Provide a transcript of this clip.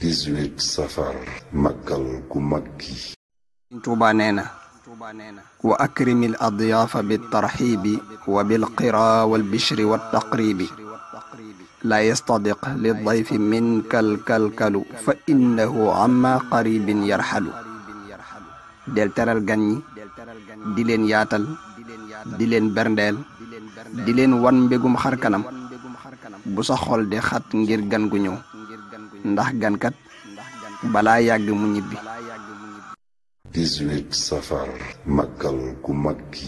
18 سفر magal gu maggi Touba neena wa akrimil adiyaf bit tarhib wa لا يصطدق للضيف منك الكلكل فإنه عما قريب يرحل دلتر الغني دلين ياتل دلين برندل دلين وان بيغم خركنم بصخول دي خط نجير غنغنيو ndax gankat balaa yàgg mu ñibbi. 18 safar. makkal ku mag ki